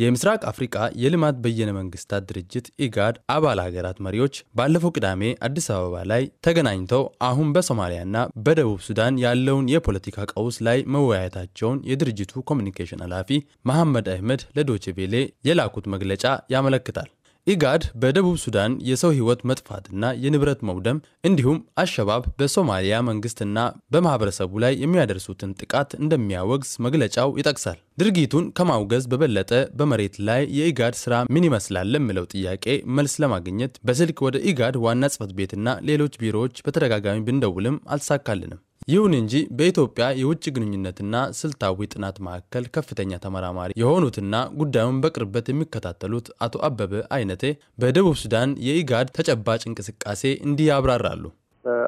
የምስራቅ አፍሪቃ የልማት በየነ መንግስታት ድርጅት ኢጋድ አባል ሀገራት መሪዎች ባለፈው ቅዳሜ አዲስ አበባ ላይ ተገናኝተው አሁን በሶማሊያና በደቡብ ሱዳን ያለውን የፖለቲካ ቀውስ ላይ መወያየታቸውን የድርጅቱ ኮሚኒኬሽን ኃላፊ መሐመድ አህመድ ለዶችቬሌ የላኩት መግለጫ ያመለክታል። ኢጋድ በደቡብ ሱዳን የሰው ህይወት መጥፋትና የንብረት መውደም እንዲሁም አሸባብ በሶማሊያ መንግስትና በማህበረሰቡ ላይ የሚያደርሱትን ጥቃት እንደሚያወግዝ መግለጫው ይጠቅሳል። ድርጊቱን ከማውገዝ በበለጠ በመሬት ላይ የኢጋድ ስራ ምን ይመስላል ለሚለው ጥያቄ መልስ ለማግኘት በስልክ ወደ ኢጋድ ዋና ጽህፈት ቤትና ሌሎች ቢሮዎች በተደጋጋሚ ብንደውልም አልተሳካልንም። ይሁን እንጂ በኢትዮጵያ የውጭ ግንኙነትና ስልታዊ ጥናት ማዕከል ከፍተኛ ተመራማሪ የሆኑትና ጉዳዩን በቅርበት የሚከታተሉት አቶ አበበ አይነቴ በደቡብ ሱዳን የኢጋድ ተጨባጭ እንቅስቃሴ እንዲህ ያብራራሉ።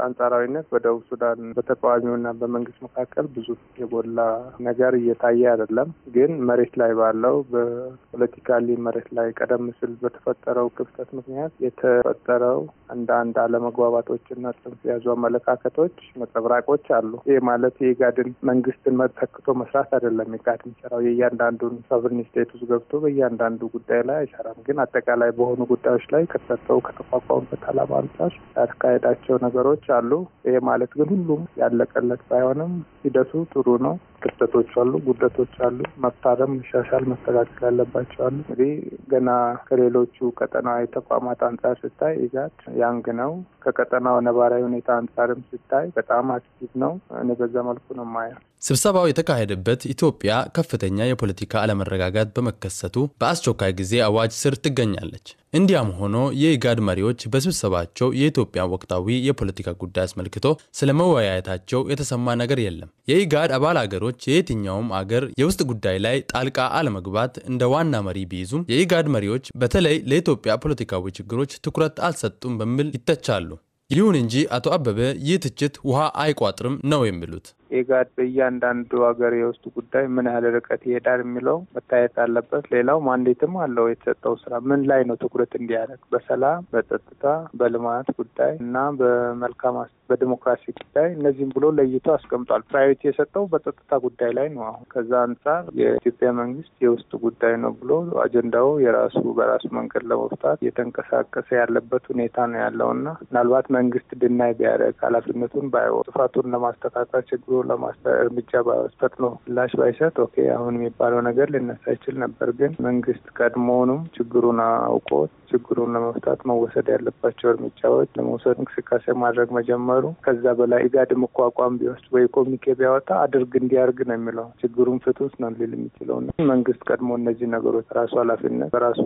በአንጻራዊነት በደቡብ ሱዳን በተቃዋሚውና በመንግስት መካከል ብዙ የጎላ ነገር እየታየ አይደለም። ግን መሬት ላይ ባለው በፖለቲካሊ መሬት ላይ ቀደም ሲል በተፈጠረው ክፍተት ምክንያት የተፈጠረው አንዳንድ አለመግባባቶችና ጽንፍ የያዙ አመለካከቶች መጸብራቆች አሉ። ይህ ማለት የኢጋድን መንግስትን መተክቶ መስራት አይደለም። ኢጋድ የሚሰራው የእያንዳንዱን ሶቨርን ስቴት ውስጥ ገብቶ በእያንዳንዱ ጉዳይ ላይ አይሰራም። ግን አጠቃላይ በሆኑ ጉዳዮች ላይ ከተሰጠው ከተቋቋሙበት አላማ አንጻር ያካሄዳቸው ነገሮች ይወስዳሉ። ይሄ ማለት ግን ሁሉም ያለቀለት ባይሆንም ሂደቱ ጥሩ ነው። ክፍተቶች አሉ፣ ጉድለቶች አሉ። መታረም፣ መሻሻል፣ መስተካከል ያለባቸው አሉ። እንግዲህ ገና ከሌሎቹ ቀጠናዊ ተቋማት አንጻር ስታይ ኢጋድ ያንግ ነው። ከቀጠናው ነባራዊ ሁኔታ አንጻርም ስታይ በጣም አክቲቭ ነው። እኔ በዛ መልኩ ነው የማየው። ስብሰባው የተካሄደበት ኢትዮጵያ ከፍተኛ የፖለቲካ አለመረጋጋት በመከሰቱ በአስቸኳይ ጊዜ አዋጅ ስር ትገኛለች። እንዲያም ሆኖ የኢጋድ መሪዎች በስብሰባቸው የኢትዮጵያ ወቅታዊ የፖለቲካ ጉዳይ አስመልክቶ ስለ መወያየታቸው የተሰማ ነገር የለም። የኢጋድ አባል አገሮች የየትኛውም አገር የውስጥ ጉዳይ ላይ ጣልቃ አለመግባት እንደ ዋና መሪ ቢይዙም የኢጋድ መሪዎች በተለይ ለኢትዮጵያ ፖለቲካዊ ችግሮች ትኩረት አልሰጡም በሚል ይተቻሉ። ይሁን እንጂ አቶ አበበ ይህ ትችት ውሃ አይቋጥርም ነው የሚሉት። ኤጋድ በእያንዳንዱ ሀገር የውስጥ ጉዳይ ምን ያህል ርቀት ይሄዳል የሚለው መታየት አለበት። ሌላው ማንዴትም አለው የተሰጠው ስራ ምን ላይ ነው ትኩረት እንዲያደርግ በሰላም፣ በጸጥታ፣ በልማት ጉዳይ እና በመልካም በዲሞክራሲ ጉዳይ እነዚህም ብሎ ለይቶ አስቀምጧል። ፕራዮሪቲ የሰጠው በጸጥታ ጉዳይ ላይ ነው። አሁን ከዛ አንጻር የኢትዮጵያ መንግስት የውስጥ ጉዳይ ነው ብሎ አጀንዳው የራሱ በራሱ መንገድ ለመፍታት እየተንቀሳቀሰ ያለበት ሁኔታ ነው ያለውና ምናልባት መንግስት ድናይ ቢያደርግ ኃላፊነቱን ባይወ ጥፋቱን ለማስተካከል ችግሩ ለማስፈ እርምጃ በመስጠት ነው። ምላሽ ባይሰጥ ኦኬ አሁን የሚባለው ነገር ሊነሳ ይችል ነበር። ግን መንግስት ቀድሞውንም ችግሩን አውቆት ችግሩን ለመፍታት መወሰድ ያለባቸው እርምጃዎች ለመውሰድ እንቅስቃሴ ማድረግ መጀመሩ ከዛ በላይ ኢጋድም እኮ ቢወስድ ወይ ኮሚኬ ቢያወጣ አድርግ እንዲያርግ ነው የሚለው ችግሩን ፍቱት ነው ሊል የሚችለው ነው። መንግስት ቀድሞ እነዚህ ነገሮች ራሱ ኃላፊነት በራሱ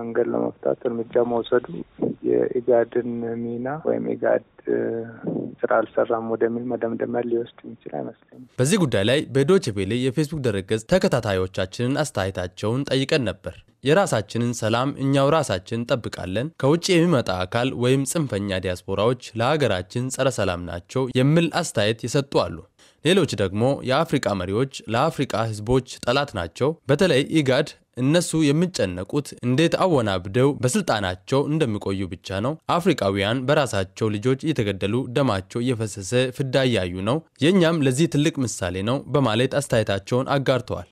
መንገድ ለመፍታት እርምጃ መውሰዱ የኢጋድን ሚና ወይም ኢጋድ ስራ አልሰራም ወደሚል መደምደሚያ ሊወስድ የሚችል አይመስለኝም። በዚህ ጉዳይ ላይ በዶይቼ ቬለ የፌስቡክ ድረገጽ ተከታታዮቻችንን አስተያየታቸውን ጠይቀን ነበር። የራሳችንን ሰላም እኛው ራሳችን እንጠብቃለን፣ ከውጭ የሚመጣ አካል ወይም ጽንፈኛ ዲያስፖራዎች ለሀገራችን ጸረ ሰላም ናቸው የሚል አስተያየት የሰጡ አሉ። ሌሎች ደግሞ የአፍሪቃ መሪዎች ለአፍሪቃ ህዝቦች ጠላት ናቸው፣ በተለይ ኢጋድ እነሱ የሚጨነቁት እንዴት አወናብደው በስልጣናቸው እንደሚቆዩ ብቻ ነው። አፍሪካውያን በራሳቸው ልጆች እየተገደሉ ደማቸው እየፈሰሰ ፍዳ እያዩ ነው። የእኛም ለዚህ ትልቅ ምሳሌ ነው በማለት አስተያየታቸውን አጋርተዋል።